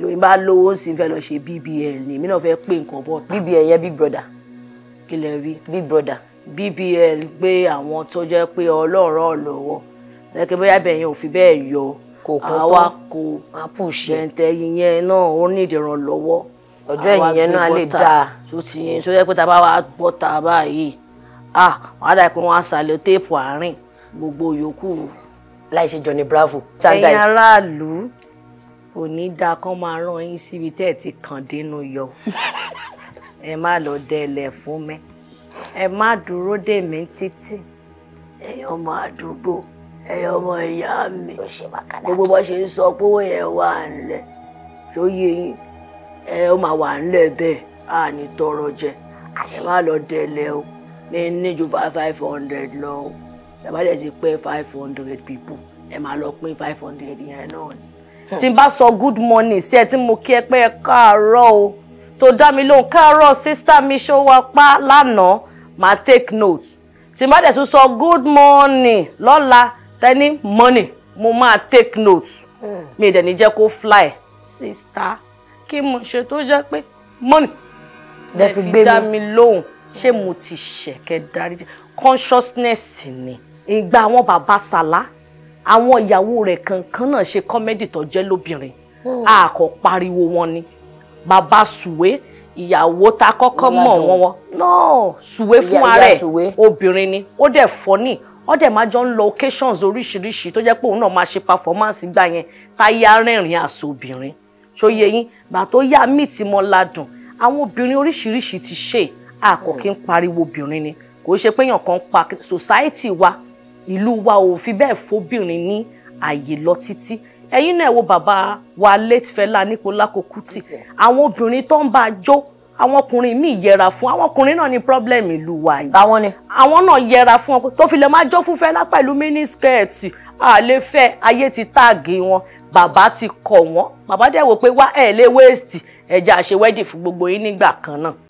lóyún bá lówó sí fẹ́ lọ ṣe bbl ni mí náà fẹ́ pé nǹkan bọ̀ tán. bbl yẹn big brother. kí lẹ rí. big brother. bbl gbé àwọn tó jẹ́ pé ọlọ́rọ̀ lọ́wọ́ lẹ́kẹ́ bóyá bẹ̀yẹn ò fi bẹ́ẹ̀ yọ àwa kò bẹ̀ǹtẹ̀ yìnyẹn náà ó ní ìdìrànlọ́wọ́ ọjọ́ ìyẹn náà lè dáa tó ti yẹn tó yẹ pé tá a bá wà bọ́ta báyìí ah wọn á dà pé wọn á sàlẹ̀ téèpù àárín gbogbo yòókù. láì ṣe Johnny Bravo. ẹ̀yin aráàlú kò ní dáa kán máa rán yín síbi tẹ́ ẹ̀ ti kàn dínú yọ ẹ má lọ dẹlẹ̀ fún mi ẹ má dúró dè mí títì ẹ̀yin ọmọ àdúgbò ẹ̀yin ọmọ ìyá mi gbogbo bó ṣe ń sọ pé owó yẹn wà ńlẹ̀ tó yé yín ẹ ó máa wà ńlẹ̀ bẹ́ẹ̀ á ní tọrọ jẹ ẹ má lọ dẹlẹ̀ o mi ní ju five hundred lọ o tàbá dẹ̀ ti pẹ́ five hundred people ẹ máa lọ pín five hundred yẹn náà ni tí n bá sọ good morning sí ẹ tí mo kí ẹ pé ẹ káàárọ̀ o tó dá mi lóhùn káàárọ̀ sísítà mi ṣó wá pa lánàá màá take note tí n bá dẹ̀ tún sọ good morning lọ́la tẹ́ni money. mo máa take note mi ì dẹ̀ ní jẹ́ kó fly sísítà kí mo ṣe tó jẹ́ pé morning lẹ fi dá mi lóhùn ṣé mo ti ṣẹ̀kẹ́ dáríjì consciousness ni ìgbà àwọn bàbá sàlá àwọn ìyàwó rẹ̀ kankan náà ṣe kọ́mẹ́dì tó jẹ́ lóbìnrin àkọ́ hmm. pariwo wọn ni bàbá sùwé ìyàwó ta kọ́kọ́ mọ̀ wọn wọn náà sùwé fún ara ẹ̀ obìnrin ni ó dẹ̀ fọ́nì ó dẹ̀ máa jọ ń lọ occasions oríṣiríṣi tó jẹ́ pé òun náà máa ṣe performance gbà yẹn táyé arìnrìn àṣọ obìnrin ṣòye yín gbà tó yá mí tí mo ladùn àwọn obìnrin oríṣiríṣi ti ṣe àkọ́kí hmm. ń pariwo obìnrin ni kò ṣe pé èèyàn kan pa society wa ìlú wa ò fi bẹ́ẹ̀ fóbìnrin ní àyè lọ títí ẹ̀yin náà wo bàbá wa late Fẹlá Aníkúlápó Kútì àwọn obìnrin tó ń bá a jó àwọn ọkùnrin míì yẹra fún àwọn ọkùnrin náà ní problem ìlú wa yìí àwọn ni àwọn náà yẹra fún wọn tó fi lè máa jó fún Fẹlá pẹ̀lú mínísíkẹẹtì àlefẹ ayé ti táàgì wọn bàbá ti kọ̀ wọ́n bàbá dẹ̀ wò pé wá ẹ̀ lé wéèsì ẹ̀jẹ̀ àṣewẹ́dì fún gbogbo yín nígbà kan náà.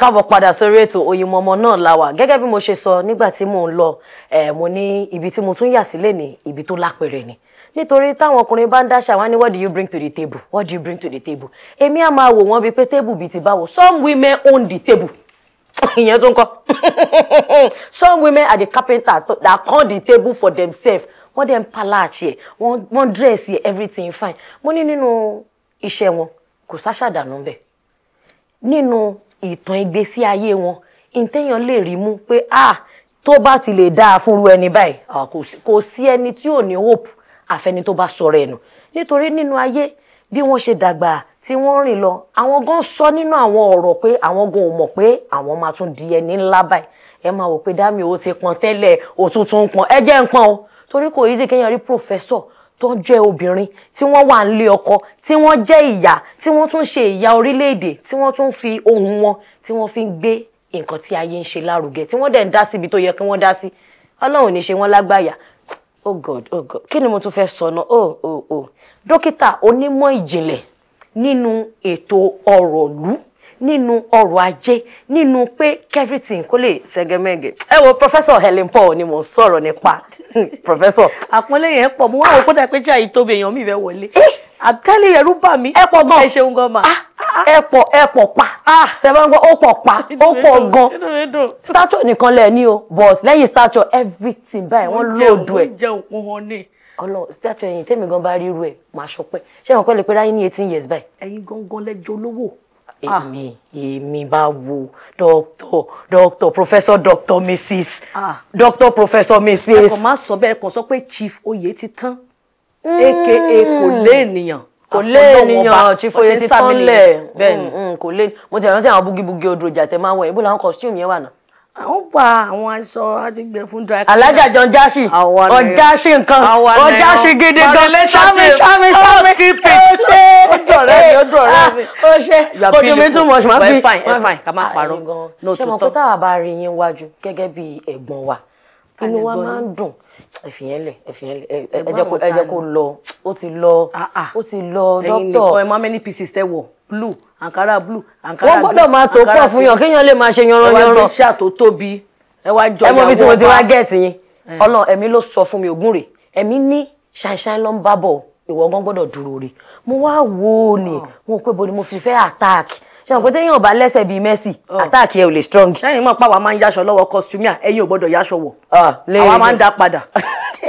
káàbọ̀ padà sórí ètò Oyinmomo náà la wà gẹ́gẹ́ bí mo ṣe sọ nígbà tí mò ń lọ eh, mo ní ibi tí mo tún yà sílẹ̀ ní ibi tó lápẹ̀rẹ̀ ni nítorí táwọn ọkùnrin bá ń dáṣà wá ní what do you bring to the table what do you bring to the table èmi á máa wò wọ́n bíi pé table bíi ti báwo some women own the table ìyẹn tó ń kọ́ some women are the carpenter that call the table for themselves wọ́n dẹ̀ ń palachi ẹ̀ wọ́n dress ẹ̀ everything fine mo ní nínú iṣẹ́ wọn kò sáṣàdànù bẹ́ẹ̀ nínú ìtàn ìgbésí ayé wọn ìtẹ̀yàn lè rí mú pé ah tó bá ti lè dáa fúnru ẹni báyìí kò sí ẹni tí ò ní hope àfẹni tó bá sọ̀rọ̀ ẹnu nítorí nínú ayé bí wọ́n ṣe dàgbà tí wọ́n rìn lọ àwọn gan sọ nínú àwọn ọ̀rọ̀ pé àwọn gan ò mọ̀ pé àwọn máa tún di ẹni ńlá báyìí ẹ máa wò pé dámi ò ti pọn tẹ́lẹ̀ òtútù ń pọn ẹ jẹ́ ń pọn o torí kò easy kéèyàn rí professor tó jẹ́ obìnrin tí wọ́n wà nílé ọkọ tí wọ́n jẹ́ ìyá tí wọ́n tún ṣe ìyá orílẹ̀-èdè tí wọ́n tún fi ohun wọn tí wọ́n fi ń gbé nǹkan tí ayé ń ṣe lárugẹ tí wọ́n dẹ̀ ń dá síbi tó yẹ kí wọ́n dá sí ọlọ́run ní ṣe wọ́n lágbàyà oh god oh god kí ni mo tún fẹ́ sọ náà oh oh oh dókítà onímọ̀ ìjìnlẹ̀ nínú ètò ọ̀rọ̀ lù nínú ọrọ̀ ajé nínú pé everything kó lè ṣẹgẹmẹgẹ ẹ wo professor Helen Paul ni mo ń sọ̀rọ̀ nípa professor. àpọ́nlé yẹn pọ̀ mo wá wò kódà pé jẹ́ àyítóbi èèyàn mi rẹ̀ wọlé eh! àtẹ́lẹ̀ ẹ̀rú bà mí ẹ pọ̀ gan ẹ ṣeun gan ma ah, ẹ pọ̀ ẹ pọ̀ pa ah! tẹ bá ń gbọ́ ó pọ̀ pa ó pọ̀ gan stature nìkan lẹ̀ ní o but lẹ́yìn stature everything báyìí wọ́n lòdù ẹ̀ ọlọ́run stature ẹ̀yìn tẹ́mi gan bá ríru ẹ̀ máa ṣọpẹ́ ṣé wọn pẹ́ lè pẹ́ ráyé ní eighteen years báyìí. ẹ̀yin gangan lẹjọ olówó Ah. èmi èmi bá wo doctor doctor professor doctor mrs ah. doctor professor mrs. ẹ kàn máa sọ bẹ́ẹ̀ kàn sọ pé chief oyè ti tán aka kò hmm. lé ènìyàn kò lé ènìyàn chifoye ti tán lẹ̀ bẹ́ẹ̀ ni hmm, hmm, kò lé mo ti rántí àwọn búgibúgi odò ìjà tẹ máa wọ̀ ẹ́ bó làwọn costume yẹn wà náà àwọn pa àwọn aṣọ àti gbẹ fún dry cleaner. alájà jọ jáṣì ọjà ṣe nǹkan ọjà ṣe gidi gan ṣámi ṣámi ṣámi ó ṣe ó dọ̀rẹ́ mi ó dọ̀rẹ́ ah, mi ó ṣe kò dùn tún mọ̀ ṣùgbọ́n bí fine fine ká má ah, parọ́ no tó tọ́. ṣé mo kó táwa bá rí yín wájú gẹ́gẹ́ bí ẹ̀gbọ́n wa inú wa máa ń dùn ẹfìyẹnlẹ ẹfìyẹnlẹ ẹ jẹ́ kó lọ ó ti lọ ah, ó ti lọ dókítà ẹ̀yin nìkan ẹ má many pieces tẹ wọ blue àǹkárá blue àǹkárá blue. wọ́n gbọ́dọ̀ máa tó pọ̀ fún yàn kéèyàn lè máa ṣe yanran yanran. ẹ wá gbé ṣáà tó tóbi ẹ wá jọ ìyàwó wa. ẹ mọ bí tí mo ti wá gẹ̀ẹ́tì yín ọlọ́run ẹ̀mí ló sọ fún mi ògùn rè ẹ̀mí ní ṣàìṣàì ló ń bá bọ̀ ìwọ gan gbọ́dọ̀ dúró rè mo wá wò ó ni mo pé bo ni mo fi fẹ́ attack ṣe àwọn pété yín ò bá lẹ́sẹ̀ bíi mercy. attack yẹn ò lè strong. lẹ́yìn mọ̀ pé àwa máa ń yaṣọ lọ́wọ́ costumia ẹ̀yin ò gbọ́dọ̀ yaṣọ wọ̀ àwa máa ń dá padà.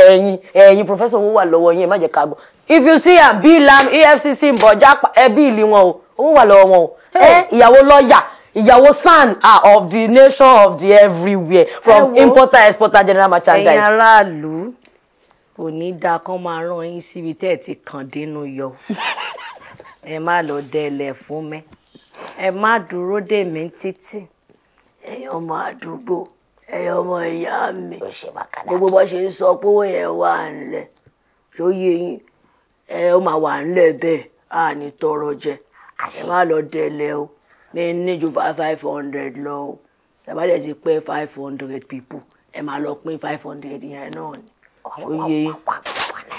ẹ̀yin ẹ̀yin professor owó wà lọ́wọ́ yín ẹ má jẹ́ ká gbọ́ if you see am bí lam EFCC ń bọ̀ já ẹbí ìlú wọn o owó wà lọ́wọ́ wọn o ìyàwó lọ́ọ̀yà ìyàwó san ah, of the nation of the everywhere from hey, importer exporter general merchandise. ẹ̀yin aráàlú kò ní dáa kán máa rán yín síbi tẹ́ ẹ̀ ti kàn dínú yọ ẹ má lọ dẹlẹ̀ fún mi ẹ má dúró dè mí títì ẹ̀yin ọmọ àdúgbò ẹ̀yin ọmọ ìyá mi gbogbo bó ṣe ń sọ pé owó yẹn wà ńlẹ̀ tó yẹ yín ẹ ó máa wà ńlẹ̀ bẹ́ẹ̀ àní tọrọ jẹ má lọ délẹ̀ o mi ní ju five hundred lọ o tàbá dẹ̀ ti pẹ́ five hundred people ẹ máa lọ pín five hundred yẹn náà ni oyè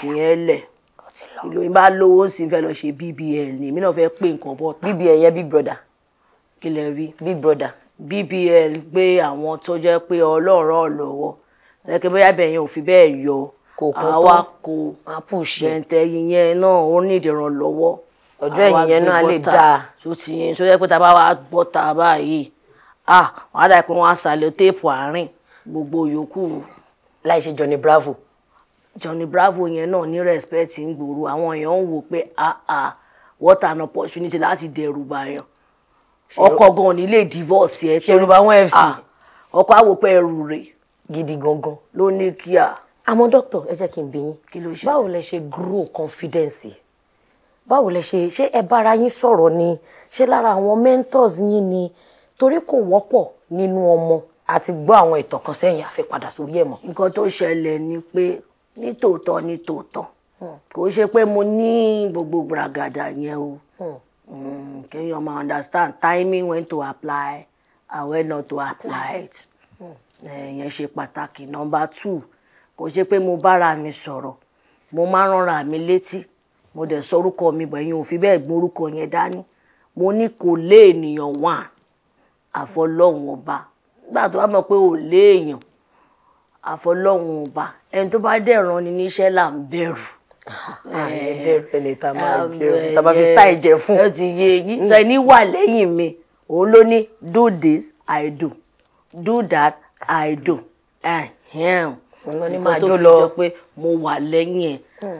ìyẹn lẹ̀ ìlú yìí bá lówó sí fẹ́ lọ ṣe bbl ni èmi náà fẹ́ pé nǹkan bọ́ ta bbl yẹn big brother kí lẹ rí big brother bbl gbé àwọn tó jẹ́ pé ọlọ́rọ̀ lọ́wọ́ lẹ́kẹ́ bóyá bẹ̀yẹn ò fi bẹ́ẹ̀ yọ àwa kò bẹ̀ǹtẹ̀ yìnyẹn náà ó ní ìdìrànlọ́wọ́ ọjọ́ ẹ̀yìn náà lè dáa. tó ti yẹn tó yẹ pé tá a bá wá gbọ́ tá báyìí ah wọn á dà pé wọn á sàlẹ̀ téèpù àárín gbogbo yòókù. láì ṣe Johnny Bravo. Johnny Bravo yẹn náà ní respect ń gbòòrò àwọn èèyàn ń wò pé ah ah what an opportunity láti dẹrù bàyàn ọkọ gan ni lè divorce ẹ. Yorùbá wọn fc. ọkọ àwòpẹ ẹrù rè. gidi gangan. ló ní kíá. àmọ́ dókítà ẹ jẹ́ kí n bí yín. báwo lẹ ṣe grow confidence báwo lẹ ṣe ṣé ẹ bára yín sọ̀rọ̀ ni ṣé lára àwọn mentors yín ni torí kò wọ́pọ̀ nínú ọmọ àti gbọ́ àwọn ìtàn kan sẹ́yìn àfẹ́padà sórí ẹ̀ mọ́. nǹkan tó ṣẹlẹ̀ ni pé nítòótọ́ nítòótọ́ kò ṣe pé mo ní gbogbo gbàgàdà yẹn o hmm. hmm, kéèyàn máa understand timing when to apply and when not to apply it hmm. eh, ìyẹn ṣe pàtàkì number two kò ṣe pé mo bára mi sọ̀rọ̀ mo máa ń rànra mi létí mo dẹ̀ sọ orúkọ mi bọ̀ ẹ̀yin ò fi bẹ́ẹ̀ gbọ́n orúkọ yẹn dání mo ní kò lé ènìyàn wà àfọlọ́hún ọba nígbà tó bá mọ̀ pé ò lé èèyàn àfọlọ́hún ọba ẹni tó bá dẹ̀ ràn ni níṣẹ́ là ń bẹ̀rù bẹ̀rù ẹni tá a máa jẹun tá a mm. òun ló ní do this i do do that i do ẹ̀hẹ́n nǹkan tó fi jọ pé mo wà lẹ́yìn ẹ̀. Mm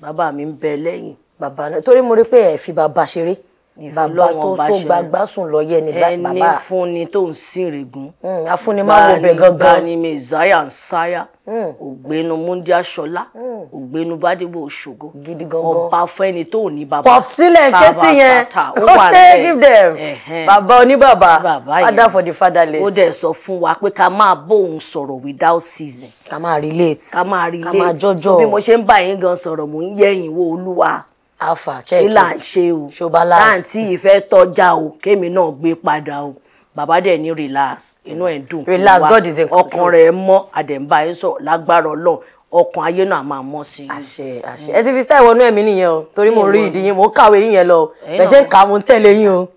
bàbá mi ń bẹ lẹ́yìn. bàbá náà torí mo rí pé ẹ fi bàbá ṣeré bàbá tó tó gbàgbà sùn lọ́yẹ ni bàbá ẹni fúnni tó ń sìn règùn hmm, afúnni máa wọ bẹ gangan gbani mẹsàáyà ń sáyà hmm. ògbénu múndí aṣọlá hmm. ògbénu bádébò òṣogbo gidi gangan ọba fẹni tó ní bàbá pop sílẹ̀ ké sí yẹn ó ṣe give them bàbá oníbàbá father for the fatherless. ó dẹ̀ sọ fún wa pé ká máa bóun sọ̀rọ̀ without season. ká máa relate ká máa relate so bí mo ṣe ń bá yín gan sọ̀rọ̀ mò ń yẹ̀yìn wo olúwa alpha check ilà ń ṣe o láǹtí ìfẹ́ tọ́já o kémi náà gbé padà o bàbá dẹ̀ ní relax inú ẹ̀ dùn relax God is in control ọkàn rẹ̀ mọ́ àdẹ̀mbà ẹ̀ sọ lágbára ọlọ́run ọkàn ayé náà máa mọ́ sí i. àṣẹ àṣẹ ẹ ti fi style wọnú ẹ̀mí nìyẹn o torí mo rí ìdí yín mo kàwé yín yẹn lọ bẹ́ẹ̀ ṣe ń kà á mo ń tẹ̀lé yín o.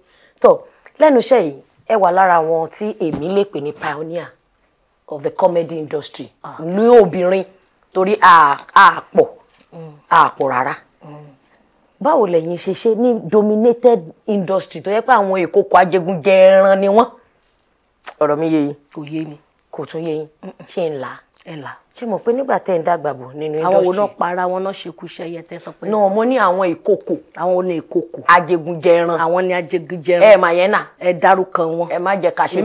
tó lẹ́nu iṣẹ́ yìí ẹ wà lára wọn tí èmi lè pè ní pioneer of the comedy industry ah. ní obìnrin torí àpọ̀ àpọ̀ rárá báwo lẹ̀yin ṣe ṣe ní dominated industry tó yẹ pé àwọn ìkókò ajẹgúnjẹ ẹran ni wọ́n ọ̀rọ̀ mi yé yín kò yé mi kò tún yé yín ṣé ń là ẹ là ṣé mo pé nígbà tẹ́ ń dàgbà bọ̀ nínú industry àwọn òun para wọn náà ṣekú iṣẹ́ yẹ tẹ́ sọ pé. náà mo ní àwọn ìkókò àwọn ní ìkókò ajẹgúnjẹ ẹran àwọn ní ajẹgúnjẹ ẹran ẹ mà yẹn náà ẹ dárúkọ wọn ẹ má jẹ ká ṣe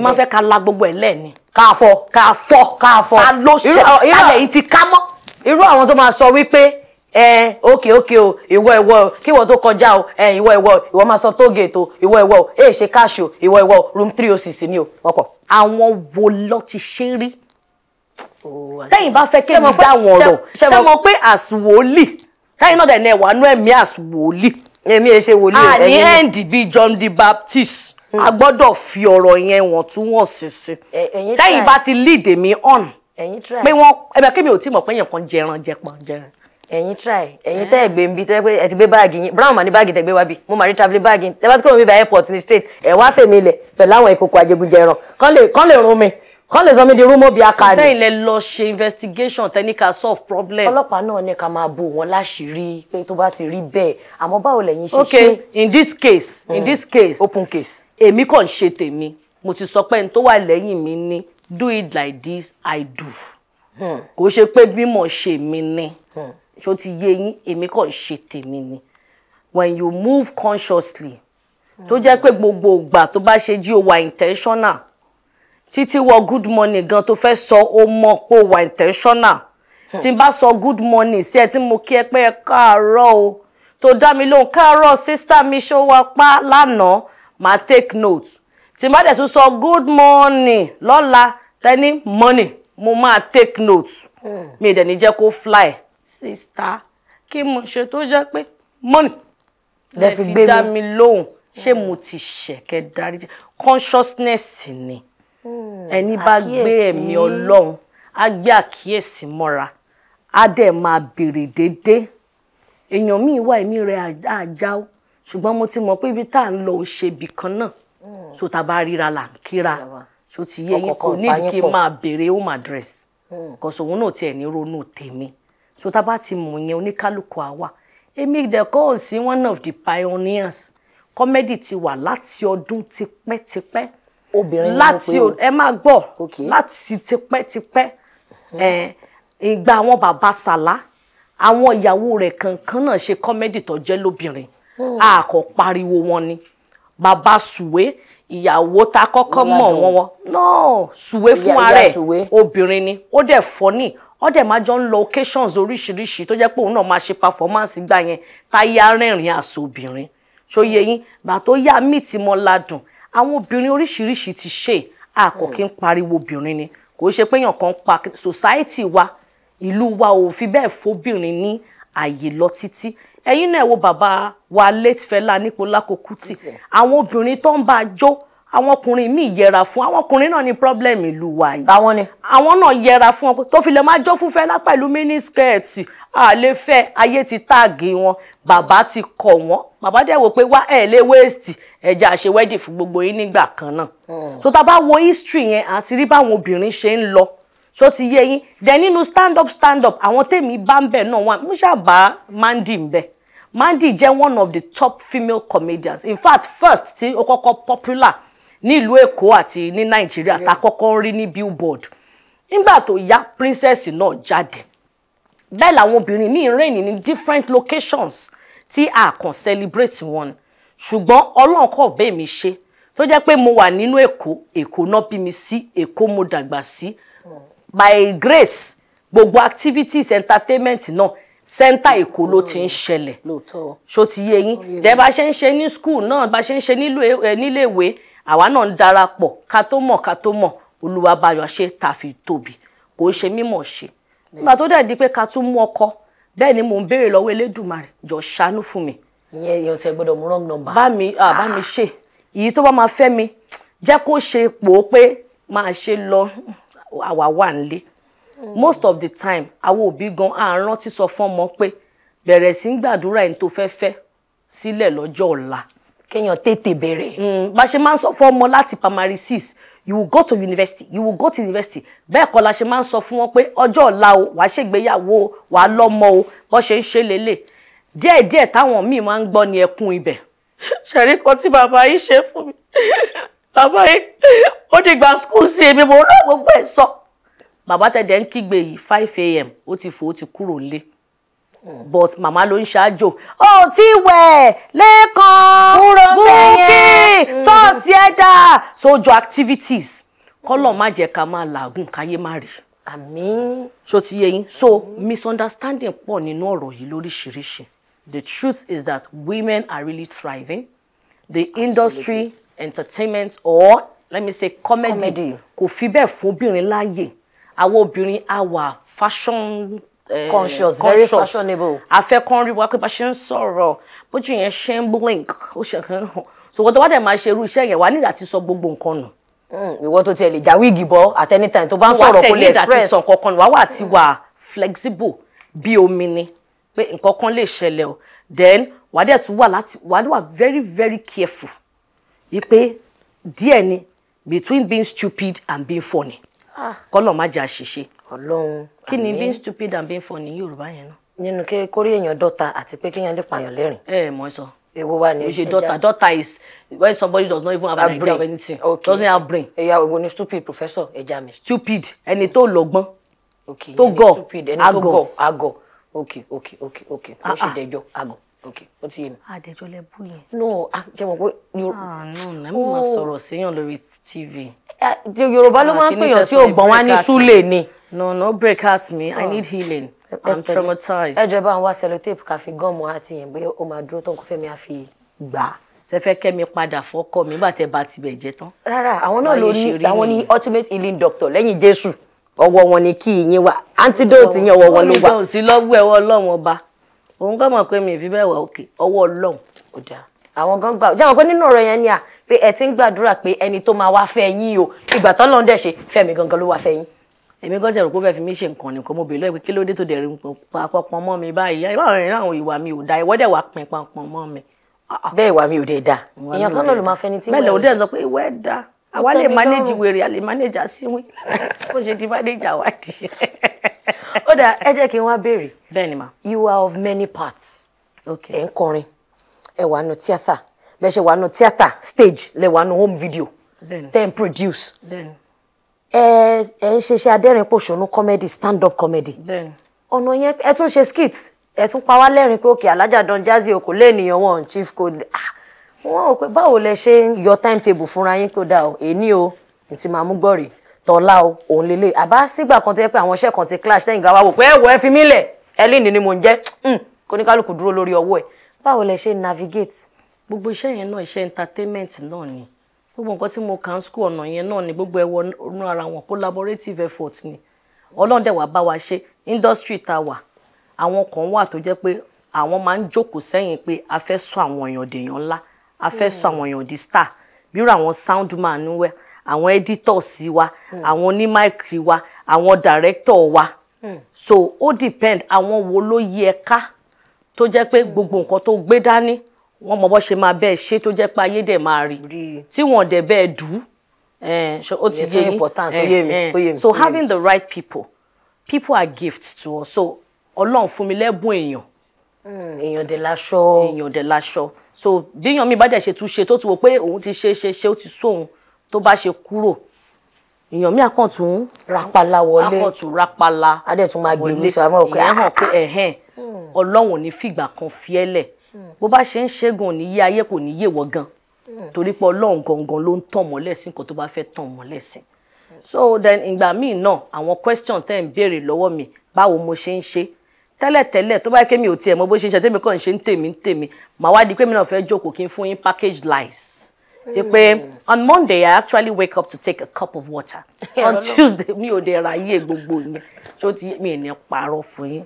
bẹ́ẹ̀ irú àwọn tó máa sọ wípé ẹ ókè ókè o ìwọ ìwọ o kí ìwọ tó kọjá o ẹ ìwọ ìwọ o ìwọ máa san tóògèètò ìwọ ìwọ o èè ṣe káàṣì o ìwọ ìwọ o room three oh six ni o wọ́pọ̀. àwọn wo ló ti ṣe rí oh, tẹ́yìn bá fẹ́ kéwì dá wọn ọ̀rọ̀ ṣé mo pé àsùwòlì tẹ́yìn náà dẹ̀ ní ẹ̀wà nú ẹ̀mí àsùwòlì. èmi èṣe wòlíì ẹ̀yìn mi. àní end bíi John the Baptist hmm. a gbọ́dọ̀ fi ọ̀rọ̀ yẹn wọ̀n tún wọ̀n sísìn tẹ́yìn bá ti lead èmi on pé wọ́n ẹ̀mí akémi ò tí mọ̀ pé yẹn kan jẹran jẹpọn jẹran ẹ̀yin try ẹ̀yin eh? tẹ́ ẹ̀ gbé nbí tẹ́ pé ẹ gbé báàgì yín brown ma ní báàgì tẹ́ gbé wá bí mo máa rí travelling báàgì tẹ́ bá ti kúrò níbi airport ní straight ẹ̀ wá fèmí lẹ̀ pẹ̀lú àwọn ìkòkò àjẹgúnjẹ ẹran kán lè rún mi kán lè sọ mí di rúmọ́ bíi aka ni. bẹ́ẹ̀ lẹ lọ ṣe investigation technical solve problem. ọlọ́pàá náà ní ká máa bò wọ́n láṣìírí pé tó bá ti rí bẹ́ẹ̀ àmọ́ báwo lẹ̀yin ṣe ṣe. okay in this case in this hmm. case open case èmi kàn ṣe tèmi mo ti sọ pé n tó wà lẹ́yìn mi ní do it like this i do hmm. kò ṣe pé bí mo ṣe mi ni. Hmm ṣó ti yé yín èmi kàn ṣe tèmi ni when you move consciously tó jẹ́ pé gbogbo ìgbà tó bá ṣe jí o wà intentional títí wọ good morning gan tó fẹ́ sọ ó mọ̀ pé o wà intentional hmm. tí n bá sọ good morning sí ẹ tí mo kí ẹ pé ẹ káàárọ̀ o tó dá mi lóhùn káàárọ̀ sísítà mi ṣó wá pa lánàá màá take note tí n bá dẹ̀ tún sọ good morning lọ́la tẹ́ni money. mo máa take note hmm. mi ì dẹ̀ ní jẹ́ kó fly sista kí mo ṣe tó jẹ́ pé money lè fi dá mi lóhùn ṣé mm. mo ti ṣẹ̀kẹ́ dáríjì consciousness ni mm, ẹni bá gbé ẹ̀mí ọlọ́run á gbé àkíyèsí mọ́ra á dẹ̀ máa béèrè déédéé èèyàn míì wá ẹ̀mí rẹ̀ àjá o ṣùgbọ́n mo ti mọ̀ pé ibi tá à ń lọ ò ṣe ibì kan náà mm. so tá a bá ríra là ń kíra so ti yẹ yín kò nídìí kí n máa béèrè home address kọ̀sọ̀ òun náà tiẹ̀ ní ronú tèmi so tá a bá ti mọ̀ yẹn oníkálukú àwa èmi ìdẹ̀kọ́ ò sí one of the pioneers Comedy ti wà láti ọdún tipẹ́tipẹ́ obìnrin láti ẹ máa gbọ́ láti tipẹ́tipẹ́ ìgbà àwọn bàbá sàlá àwọn ìyàwó rẹ̀ kankan náà ṣe kọ́mẹ́dì tó jẹ́ lóbìnrin àkọ́ hmm. pariwo wọn ni bàbá sùwé ìyàwó ta kọ́kọ́ mọ̀ wọ́n wọn náà sùwé fún ara ẹ̀ obìnrin ni ó dẹ̀ fọ́ ní wọ́n dẹ̀ máa jọ ń lọ occasions oríṣiríṣi tó jẹ́ pé òun náà máa ṣe performance gbà yẹn táyà rẹ́rìn àṣọ obìnrin ṣòye yín gbà tó yá mí tí mo ladùn àwọn obìnrin oríṣiríṣi ti ṣe àkọ́ kí n pariwo obìnrin ni kò ṣe pé èèyàn kan pa society wa ìlú wa ò fi bẹ́ẹ̀ fóbìnrin ní àyè lọ títí ẹ̀yin náà wo bàbá wa late Fẹlá Aníkúlápó Kútì àwọn obìnrin tó ń bá a jó àwọn ọkùnrin míì yẹra fún àwọn ọkùnrin náà ní problem ìlú wa yìí. àwọn ni. àwọn náà yẹra fún ọ tó fi lè máa jó fún Fẹlá pẹ̀lú mínísíkẹ́ẹ̀tì àlè fẹ́ ayé ti táàgì wọn bàbá ti kọ̀ wọ́n bàbá dẹ̀ wò pé wá ẹ̀ lé wéèsì ẹ̀jẹ̀ àṣewẹ́dì fún gbogbo yín nígbà kan náà. Hmm. so tá a bá wo history yẹn àti rí báwọn obìnrin ṣe ń lọ so ti yé yín dẹ̀ nínú stand up stand up àwọn tèmi bá ń bẹ̀ náà wà mú ṣàbá Mandy ń bẹ̀ Mandy jẹ́ one of the top female comedians in fact first tí ó kọ́kọ́ popular nílùú èkó àti ní nàìjíríà tá a kọ́kọ́ rí ní billboard nígbà tó yá princess náà jáde bẹ́ẹ̀ làwọn obìnrin míì rìn ní different locations tí a kàn celebrate wọn ṣùgbọ́n ọlọ́run kọ̀ bẹ́ẹ̀ mi ṣe tó jẹ́ pé mo wà nínú èkó èkó náà bí mi sí èkó mo dàgbà sí by grace gbogbo activities entertainment náà sẹ́ńtà èkó ló ti ń ṣẹlẹ̀ ṣó ti yé yín dẹ́ bá ṣe ń ṣe ní school náà bá ṣe ń ṣe eh, níléèwé àwa náà ń darapọ̀ ká tó mọ̀ ká tó mọ̀ Olúwabayọ̀ ṣe tàfi tóbi kò ṣe mímọ̀ ṣe nígbà tó dẹ̀ di pé ká tún mú ọkọ bẹ́ẹ̀ ni mò ń béèrè lọ́wọ́ Elédùmarè jọ ṣàánú fún mi. ìyẹn èèyàn tẹ gbọ́dọ̀ mú wrong number. bá mi bá mi ah. ṣe èyí tó bá máa fẹ́ mi jẹ́ kó ṣe pò ó pé máa ṣe lọ àwa wà nílé hmm. most of the time àwọn òbí gan à ń rántí sọ fún ọmọ pé bẹ̀rẹ̀ sí ń gbàdúrà ẹni tó fẹ́ fẹ́ sílẹ̀ lọ́jọ́ ọ̀la kéèyàn tètè bẹ̀rẹ̀. Hmm, bá a ṣe máa ń sọ fún ọmọ láti primary six you will go to university you will go to university bẹ́ẹ̀ kọ́ la ṣe máa ń sọ fún wọn pé ọjọ́ ọ̀la o wàá ṣègbéyàwó o wàá lọ́mọ o bó ṣe ń ṣe lélẹ̀ díẹ̀díẹ̀ táwọn míì máa ń gbọ́ ni ẹkún ibẹ̀ ṣẹ̀rí kan tí bàbá yìí ṣe fún mi bàbá yìí ó dìgbà school sí èmi mo rán gbogbo ẹ̀ sọ bàbá tẹ̀dẹ̀ ń kígbe yìí five a.m. ó ti fò ó ti kúrò lé but màmá ló ń ṣáájò ó ti wẹ̀ lẹ́ẹ̀kan búkì mm. sọ́ọ̀sì ẹ̀dá sojo activities kọ́lọ̀ má jẹ́ ká máa làágùn káyé má rí. àmín. ṣó ti yé yín so misunderstanding pọ̀ nínú ọ̀rọ̀ yìí lóríṣiríṣi the truth is that women are really thriving the industry Absolutely. entertainment or let me say comedy kò fi bẹ́ẹ̀ fún obìnrin láàyè àwọn obìnrin á fashion Uh, conscious very fashionable. afẹ́kàn rí wa pé bá ṣe sorrow, but you're yẹn ṣe blink so what do I dẹ̀ máa ṣe irú iṣẹ́ yẹn wà nígbà tí sọ want to tell you that we give dá at any time to bounce ń sọ̀rọ̀ kó lè express. wà á tẹ̀ nígbà tí sọ kankan nù flexible bí omi ni pé nǹkan kan lè ṣẹlẹ̀ then wà á dẹ̀ tún wà láti very very careful You pé DNA between being stupid and being funny. Ah. kọ́lọ̀ má jẹ́ àṣìṣe. ọlọ́run kí ni being stupid and being funny yorùbá yẹn náà. nínú kí kórí èèyàn dọ́ta àti pé kéèyàn lè pààyàn lẹ́rìn. ẹ ẹ mọ sọ èwo wa ni ṣe daughter daughter is when somebody does not even have an idea of anything okay. doesn't have brain. ẹ̀yà ògbó ni stupid professor ẹja mi. stupid ẹni tó lọ́gbọ́n tó gọ̀ agọ̀ agọ̀ okay okay okay okay ó ṣe ah, ah. dẹjọ́ agọ̀ okay ó ti yé mi. àdẹjọ́ lẹ bú yẹn. no jẹ́ mọ̀ pé. ah no ẹ mọ̀ máa sọ̀rọ̀ síyàn lórí tv. Eh, yorùbá ló ah, máa ń pèyàn tí ò wá ní súlè ni. no no break out me i oh. need healing i'm traumatized. ẹ jọ̀ọ́ bá ń wá sellotape ká fi gọ́ọ̀mù àti yẹn bóyá ó máa dúró tán kó fẹ́mi á fi gbà á. ṣe fẹ́ kẹ́mi padà fọ́kọ mi bàtẹ́ bá tibẹ̀ jẹ́ tán. rárá àwọn náà ló ní àwọn ní ultimate healing doctor lẹ́yìn jésù ọwọ́ wọn ni kí yín wà antidote yín ọwọ́ wọn ló wà. ó lọ́wọ́ ẹ̀wọ́ ọlọ́run ọba òun kàn mọ̀ pé mi ì fi bẹ́ẹ̀ wà òkè ọwọ́ ọlọ́run. àwọn gan gbà jẹ́ àwọn pé nínú ọ̀rọ̀ yẹn ni à pé ẹ ti ń gbàdúrà pé ẹni tó máa wá fẹ́ yín o ìgbà tó lọ́n dẹ̀ ṣe fẹ́mi gangan ló wá fẹ́ yín. èmi gan tẹ̀rù kó fẹ́ fi mí ṣe nǹkan nìkan mo bèèrè lọ́wọ́ pé kí ló dé tó dẹ̀ rí papọ̀pọ̀ mọ́ mi báyìí báwọn ìrìn àwọn ìwà mi ò da ìwọ́ dẹ̀ wà pin papọ̀ mọ́ mi. bẹ́ẹ̀ ìwà mi ò dẹ̀ da èèyàn kan náà ló máa fẹ́ ní tí wẹ́ẹ̀. bẹ́ẹ̀ lọ́dẹ̀ sọ pé ìwẹ́ da àwa lè manage wèrè you are of many parts. okay ẹ̀ ń kọrin ẹ̀ wà nù tíátà bẹ́ẹ̀ ṣe wà nù tíátà stage lẹ wà nù home video then produce ẹ ẹ ń ṣiṣẹ́ adẹ́rìn-pòṣónú comedy stand up comedy ọ̀nà yẹn ẹ tún ṣe skit ẹ tún pa wá lẹ́rìn pé òkè alájà Don Jazzy o kò lé ènìyàn wọn chief code ah, wọn ò pé báwo lẹ ṣe ń yọ timetable fúnra yín kó dà o èní o ntí màmú gbọ̀rì tọ́lá o òun lélẹ̀ àbá sígbà kan tó yẹ pé àwọn iṣẹ́ kan ti clash tẹ́yìn gá wá wò pé ẹ wọ ẹ fi mí lẹ̀ ẹ lè ní ni mò ń jẹ́ hmm, kóníkálukú dúró lórí ọwọ́ ẹ̀ báwo lẹ ṣe navigate gbogbo iṣẹ́ yẹn náà iṣẹ́ entertainment náà ni gbogbo nǹkan tí mo kà ń school ọ̀nà yẹn náà ni gbogbo ẹwọ inú ara wọn collaborative effort ni ọlọ́run dẹ̀ wá bá wa ṣe industry ta wà àwọn kan wà tó jẹ́ pé àwọn máa ń jókòó sẹ́yìn pé a fẹ́ sọ àwọn èèyàn dèèyàn ńlá a fẹ́ sọ àwọn èèyàn di star bírò àwọn soundman wẹ́ àwọn editors wa hmm. àwọn onímáìkì wa àwọn director wa hmm. so ó depend àwọn wo ló yẹ ká tó jẹ́ pé gbogbo nǹkan tó gbé dání wọ́n mọ bọ́ ṣe máa bẹ́ẹ̀ ṣe tó jẹ́ pé ayé dẹ̀ máa rí tí wọ́n dẹ̀ bẹ́ẹ̀ dù ú ó ti yé yín so having the right people people are gifts to us so ọlọ́run fún mi lẹ́bùn èèyàn. Hmm, èèyàn dẹ̀ láṣọ. èèyàn dẹ̀ láṣọ so bíyàn mi bá dẹ̀ ṣe tún ṣe tó ti wò pé òun ti ṣe ṣe ṣe ó ti sóhun tó bá ṣe kúrò èèyàn mi àkàntún. rapala wọlé àkàntún rapala. adẹ̀tún máa gbèlú sọ àmọ́ òkè. ìyẹn hàn ah, pé ẹ̀hẹ́n hmm. ọlọ́run ò ní fìgbà kan fi bó bá ṣe ń ṣẹ́gun ní yé ayé kò ní yé wọ gan hmm. torí pé ọlọ́run gangan ló ń tàn mọ́ lẹ́sìn kó tó bá fẹ́ tàn mọ́ lẹ́sìn so then ìgbà míì náà àwọn question tẹ́ ń béèrè lọ́wọ́ mi báwo mo ṣe ń ṣe tẹ́lẹ̀tẹ́lẹ̀ tó bá yẹ kémi ò tiẹ̀ mọ bó ṣe ń ṣe tẹ́mi kàn ń ṣe ń tèmi ń tèmi màá wá di pé mi náà fẹ́ jókòó kí n fún yín package lies pé hmm. on monday i actually wake up to take a cup of water on tuesday mi ò dé ra ayé gbogbo yẹn tí ó ti mi ní parọ́ fún yín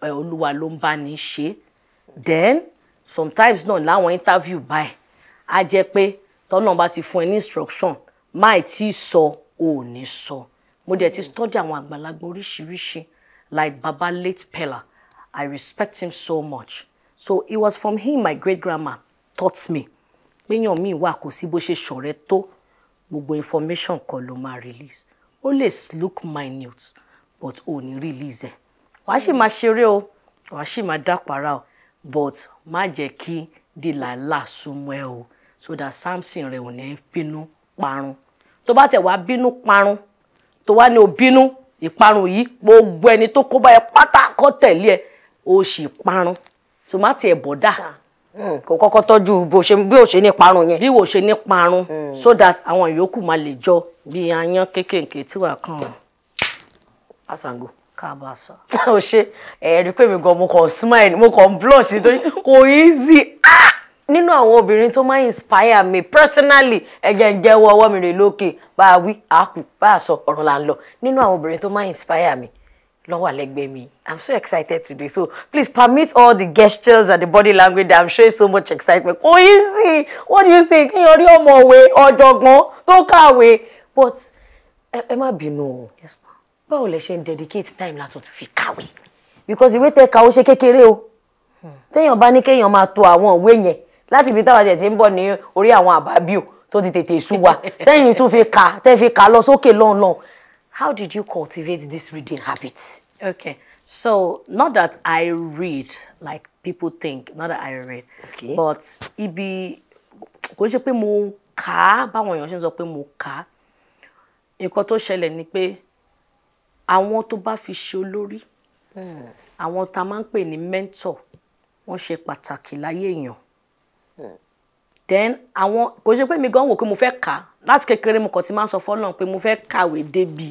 olúwa ló ń bá ní ṣe then sometimes náà láwọn interview báyìí á jẹ́ pé tọ́nà bá ti fún ẹ ní instruction máì tí ì sọ ò ní sọ mo dẹ̀ ti hmm. study àwọn àgbàlagbà oríṣiríṣi like baba late Pella I respect him so much so it was from him my great grandma taught me péyàn míì wà kò sí bó ṣe ṣọ̀rẹ́ tó gbogbo information kan ló máa release ó lè look minute but ò ní release ẹ̀ wàá sì hmm. máa ṣeré o wàá sì máa dápàrà o but má jẹ́ kí Delilah súnmọ́ ẹ o so that Samson rẹ ò ní bínú parun tó bá tẹ̀ wá bínú parun tó wá ní o bínú ìparun yìí gbogbo ẹni tó kó bá ẹ pátá kọ́ tẹ̀lé ẹ o sì parun tó má tiẹ̀ bọ̀dà. Hmm, kò kọ́kọ́ tọ́jú bí o ṣe ní parun yẹn. bí o ṣe ní parun hmm. so that àwọn yòókù máa lè jọ bí aáyán kéékèèké tí wàá kàn án. asango kábàásà. o oh, ṣe eh, ẹ̀rí pé mi gan mo kàn smile mo kàn blush nítorí kò easy ah! nínú àwọn obìnrin tó máa inspire me personally ẹ̀jẹ̀ ń jẹ́wọ́ ọwọ́ mi rè lókè bá a wí àákù bá a sọ ọ̀rọ̀ là ń lọ nínú àwọn obìnrin tó máa inspire me lọ́wọ́ àlẹ́gbẹ́ mi i'm so excited today so please permit all the gestures and the body language that i'm showing so much excitement kò easy what do you think kí n rí ọmọwé ọ̀jọ̀gbọ́n tó kàwé but ẹ má bínú o báwo lẹ ṣe ń dedicate time láti tún fi kàwé because ìwé tẹ kàwé ṣe kékeré o téèyàn bá ní kéèyàn máa to àwọn ìwé yẹn láti ibi táwọn àjẹtì ń bọ̀ ní orí àwọn àbábíò tó ti tètè sú wa tẹ́yìn tún fi kà tẹ́ fi kà lọ sókè lọ́nlọ́n how did you cultivate this reading habit. okay so not that I read like people think not that I read okay. but ibi kò ṣe pé mo kà á báwọn èèyàn ṣe ń sọ pé mo kà á nǹkan tó ṣẹlẹ̀ ni pé àwọn tó bá fi ṣe olórí hmm. àwọn tá a máa ń pè ní mentor wọ́n ṣe pàtàkì láyé èèyàn hmm. then àwọn kò ṣe pé mi gan wò pé mo fẹ́ kà á láti kékeré mo kàn ti máa ń sọ fọ́lọ́n pé mo fẹ́ kàwé débi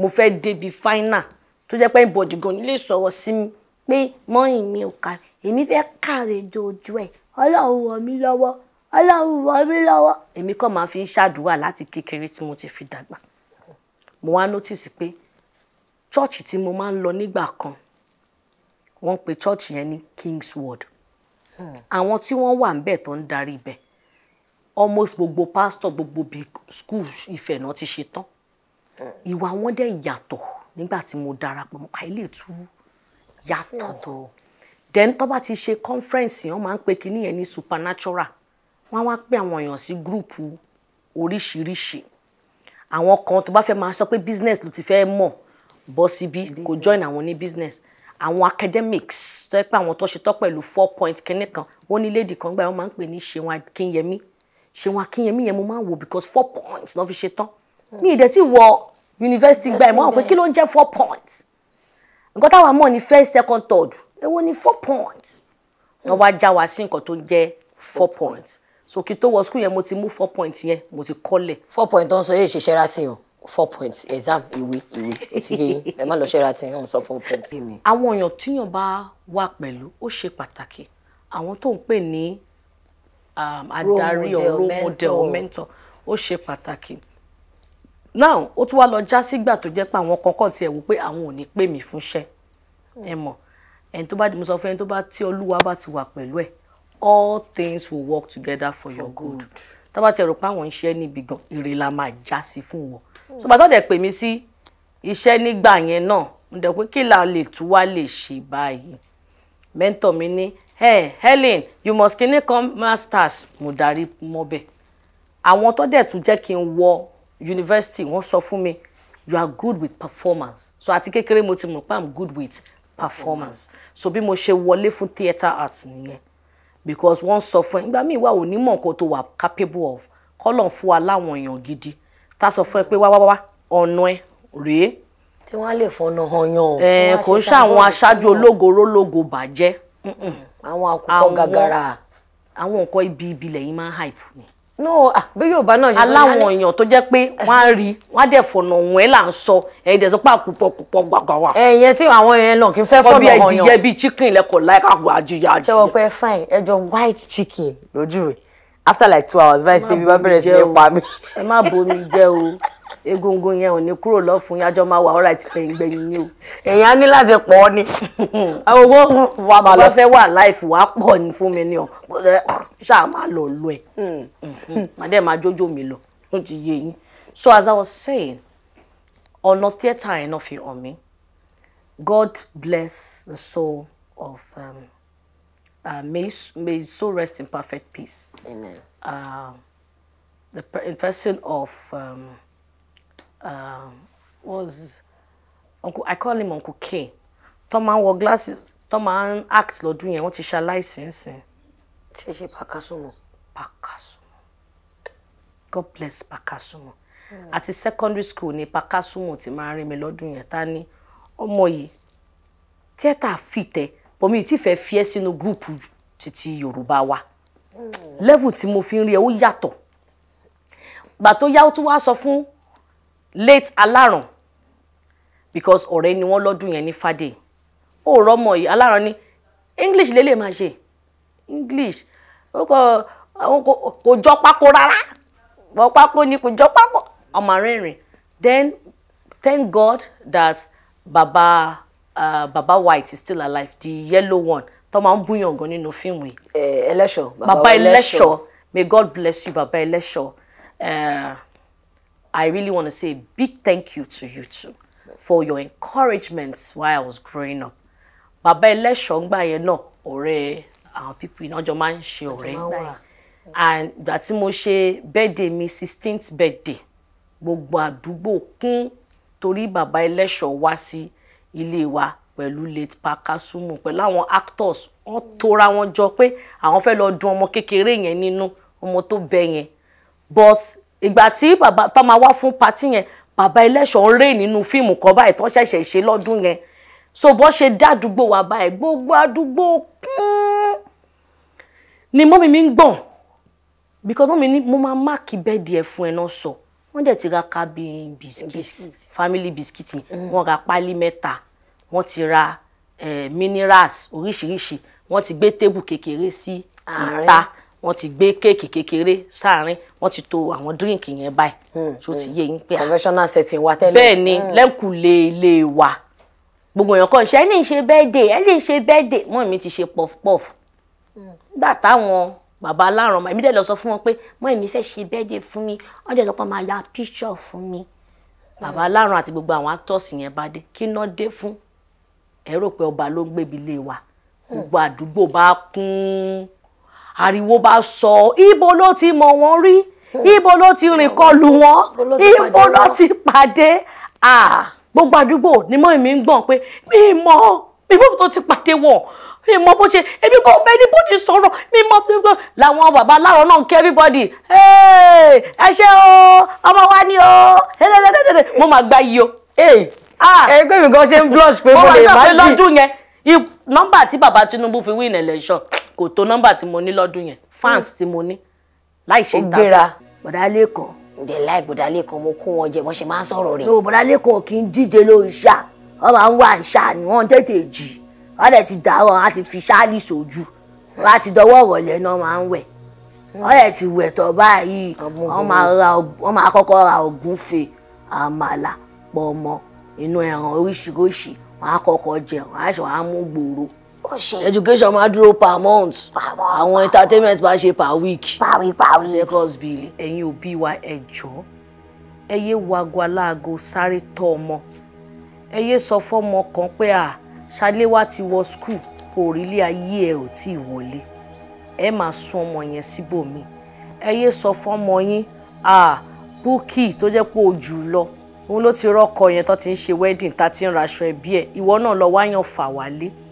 mo fẹ́ débi final tó jẹ́ pé ìbòdì gan nílé sọ̀rọ̀ sí mi pé mọ́yìn mi ò kà èmi fẹ́ kàwé dojú ẹ̀ ọlọ́run rọ̀ mí lọ́wọ́ ọlọ́run rọ̀ mí lọ́wọ́ èmi kàn máa fi ń ṣàdúrà láti kékeré tí mo ti fi dàgbà mo wá notice pé chọ́ọ̀chì tí mo máa ń lọ nígbà kan wọ́n pe chọ́ọ̀chì yẹn ní Word, hmm. àwọn tí wọ́n wà ńbẹ̀ tó ń darí ibẹ̀ almost gbogbo pastor gbogbo big school Ifẹ̀ náà ti ṣe tán hmm. ìwà wọn dẹ̀ yàtọ̀ nígbà tí mo darapọ̀ mọ́ àìlè tú then tó bá ti ṣe conference wọ́n máa ń pe kinní yẹn ní supernatural wọ́n á wá pé àwọn èèyàn sí gúrùpù oríṣiríṣi àwọn kan tó bá fẹ́ máa sọ pé business ló ti fẹ́ mọ̀ bọ́ síbí kò join àwọn ní business àwọn academics tó yẹ pé àwọn tó ṣe tọ́ pẹ̀lú four point kínní kan wọ́n ní lady kan gbà wọ́n máa ń pè ní Ṣeun Akínyẹmí Ṣeun Akínyẹmí yẹn mo máa ń wò because four points náà fi ṣe tán ní ìdẹ̀ tí wọ yunifásitì gba ìmọ̀ àwọn pé kí ló ń jẹ́ four points nǹkan táwa mọ̀ ní first second third èwo ni four points wọ́n wá já wa sí nǹkan tó jẹ́ four points so kí tó wọ school yẹn mo ti mú four points yẹn mo ti kọ́lẹ̀. four point tó ń sọ yóò ṣe ṣẹ́ra tì o four points exam ìwé ìwé ti ẹ má lọ ṣẹ́ra tí wọ́n sọ four points. àwọn èèyàn tíyàn bá wà pẹ̀lú ó ṣe pàtàkì àwọn tó ń pè ní um, adarí or role model or mentor ó ṣe pàtàkì now ó tún wá lọ já sígbà tó jẹ́ pé àwọn kankan tiẹ̀ wò pé àwọn ò ní pè mí fúnṣẹ́ ẹ mọ̀ ẹni tó bá di mo sọ fún ẹni tó bá tí olúwa bá ti wà pẹ̀lú ẹ̀ all things will work together for, for your good. good. tá bá ti rò pé àwọn ń ṣe é níbi gan ire la máa já sí fún wọn so bàtọ́ dẹ̀ pè mí sí iṣẹ́ nígbà yẹn náà mo dẹ̀ pé kí là lè tún wá lè ṣe báyìí mẹ́ńtọ̀ mi ní hey, Helen you must kini come masters mo darí mọ́bẹ̀ àwọn tó dẹ̀ tún jẹ́ kí n wọ yunifásitì wọ́n sọ fún mi you are good with performance so àti kékeré mo ti mọ̀ pé i'm good with performance so bí mo ṣe wọlé fún theatre arts nìyẹn because wọ́n sọ fún ẹ nígbà míì wà ò ní mọ̀ nǹkan tó wà capable of kọ́lọ̀ fún wa láwọn èèyàn gidi tá a sọ fún ẹ pé wá wá wá ọ̀nà ẹ rèé. tí wọ́n á lè fọnà hàn yàn o. ẹ kò ń ṣàwọn aṣáájú ológo rólógo bàjẹ́. àwọn àkùkọ gàgàrà. àwọn nǹkan ibi ibi lẹ́yìn máa ń hype ni. no bí yorùbá náà ṣe sọ yálẹ̀. aláwọn èèyàn tó jẹ́ pé wọ́n á rí wọ́n á dẹ̀ fọ̀nà òun ẹ̀ là ń sọ ẹ̀yìn dẹ̀ sọ pé àkùpọ̀ púpọ̀ gbàgbà wà. ẹ̀yẹ tí àwọn yẹn náà kì í fẹ́ fọ̀nà hàn yàn. kọ́ bí ẹ̀jì yẹ bíi chicken lẹ́kọ̀ọ́ láìka àjìyà. ṣé wọ́n pẹ́ fine ẹjọ́ white chicken lójú rẹ̀ after like two hours báyìí stevie bá bẹ̀rẹ̀ sí ní pa mí. ẹ má bomi jẹ o egungun yẹn ò ní kúrò lọ́fun yájọ́ máa wà ọ̀rá ti gbẹ̀yìn gbẹ̀yìn ni o. èèyàn á ní láti pọ̀ ọ́ ni. àwọn owó wa máa lọ fẹ́ wà láìfù wá pọ̀ ní fún mi ni ọ ṣáà máa lọ lọ ẹ̀. Hmm. Hmm. màdé máa jójó mi lọ ó ti yé yín. so as i was saying ọ̀nà theatre yẹn náà fi hàn mí God bless the soul of um, Uh, may, may soul rest in perfect peace. Amen. Uh, the person of, um, uh, was, Uncle, I call him Uncle K. Tọ́mọ wore glasses, tọ́mọ acts lọ́dún doing what ti ṣa license. Ṣé Pakasumo? Pakasumo. God bless Pakasumo. At mm. secondary school ni Pakasumo ti máa rí omoyi theater yẹn, ta omi ì tí fẹ́ fi ẹ́ sínú gúrùpù títí yorùbá wa level tí mo fi ń rí ẹ ó yàtọ̀ gbà tó yá ó tún wá sọ fún late aláràn because ọ̀rẹ́ ni wọ́n lọ́dún yẹn ní fàdé ó rọ́mọ yìí aláràn ni english lélẹ̀ máa ṣe english kò jọ pákó rárá wọ́n pákó ni kò jọ pákó ọmọ rẹ́rìn then thank god that baba Uh, baba White is still alive the yellow one tó máa ń búyàn gan nínú fíìmù yìí. ẹlẹ́ṣọ̀ baba ẹlẹ́ṣọ̀ may God bless you baba ẹlẹ́ṣọ̀ uh, I really want to say a big thank you to you too for your encouragement while I was growing up baba ẹlẹ́ṣọ̀ ńgbà yẹn náà ọ̀rẹ́ àwọn pípọ̀ iná jọ máa ń ṣe ọ̀rẹ́ ńgbà yẹn and ìgbà tí mo ṣe birthday mi sixteenth birthday gbogbo àdúgbò kún torí baba ẹlẹ́ṣọ̀ wá sí. Si ilé wa pẹ̀lú late pakasumu pẹ̀lú àwọn actors wọ́n tora wọn jọ pé àwọn fẹ́ lọ dun ọmọ kékeré yẹn nínú ọmọ tó bẹ yẹn but ìgbà tí bàbá tó máa wá fún patí yẹn bàbá ẹlẹ́ṣọ̀ ń rè nínú fíìmù kan báyìí ṣẹ̀ṣẹ̀ ṣe lọ́dún yẹn so bó ṣe dá àdúgbò wa báyìí gbogbo àdúgbò kún ni mọ́mi mi ń gbọ̀n because mọ́mi ni mo máa máàkì bẹ́ẹ̀ díẹ̀ fún ẹ náà sọ. So wọ́n dẹ̀ ti ra cabin biscuit family biscuit mm. wọ́n ra pálí mẹ́ta wọ́n ti ra minerals oríṣiríṣi wọ́n ti gbé tébù kékeré sí ìta wọ́n ti gbé kéèkì kékeré sáàrin wọ́n ti to àwọn díríǹkì yẹn báyìí tó mm, ti mm. yé yín pé. Ah, conventional setting wa tẹ́lẹ̀. bẹ́ẹ̀ ni lẹ́kùnlé ilé wa gbogbo èèyàn kan ṣe ẹ lè ṣe birthday ẹ lè ṣe birthday mọ́ mi ti ṣe puff puff táwọn bàbá aláràn ọmọ èmi dẹ̀ lọ sọ fún wọn pé mọ èmi fẹ́ ṣe birthday fún mi wọ́n dẹ̀ lọ pọ́n máa ya picture fún mi bàbá aláràn àti gbogbo àwọn actors yẹn bá dé kí ná dé fún ẹ rò pé ọba ló ń gbèbí lé wa gbogbo àdúgbò bá kún ariwo bá sọ ibo ló ti mọ wọn rí ibo ló ti rìn kọlù wọn ibo ló ti pàdé gbogbo àdúgbò ni mọ́ mi ń gbọ̀n pé mi mọ́ ibo tó ti pàdé wọn mi mọ bó ṣe èmi kò bẹ ní bóde sọ̀rọ̀ mi mọ bí wọn làwọn bàbá aláwọ̀ náà ń kí everybody ẹ ṣe o ọmọ wa ni o mo máa gba iye o. Ah. ẹgbẹ́ mi kan ṣe ń blush pé mo lè má jì. mo máa ń sọ pé lọ́dún yẹn nọ́mbà tí bàbá Tinubu fi win election kò tó nọ́mbà tí mo ní lọ́dún yẹn fans hmm. tí mo ní láì ṣe ìtàkùn. ó gbéra bọ̀dá lẹ́kọ̀ọ́ ǹdẹ̀ láì bọ̀dá lẹ́kọ̀ọ́ mo kún wọn jẹ wọ́n ṣe máa ń sọ̀rọ̀ rẹ̀. bọ̀dá lẹ́kọ̀ọ́ kì í díje lórí ṣá wọ́n máa ń wá ìṣá ni wọ́n tètè jì wọ́n dẹ̀ ti dàárọ̀ wọ́n á ti fi ṣáálì sójú wọ́n á ti dọwọ́ ìrọ̀lẹ́ náà máa ń wẹ̀ wọ́n dẹ̀ ti wẹ̀ tọ́ báyìí wọ́n máa kọ́kọ́ ra ògúnfe àmàlà pọ̀mọ́ inú ẹran oríṣiríṣi wọ́n á kọ́kọ́ jẹ wọ́n á ṣe wọ́n á mú gbòòrò education máa dúró per month àwọn entertainment máa ṣe per week per week per week second bill ẹ̀yin òbí wa ẹ jọ̀ọ́ ẹ yé wago aláago sáré tọ́ ọmọ ẹ yé sọ fọ́mọ kan pé à. Ah, ṣáléwá ti wọ skul òrílé ayé ẹ ò tí ì wọlé ẹ máa sún ọmọ yẹn síbòmí ẹ yé sọ fọmọ yín búkì tó jẹ́ pé ojú lọ òun ló ti rọ́kọ yẹn tó ti ń ṣe wedding tá ti ń raṣọ ẹbí ẹ ìwọ náà lọ wáyàn fà wálé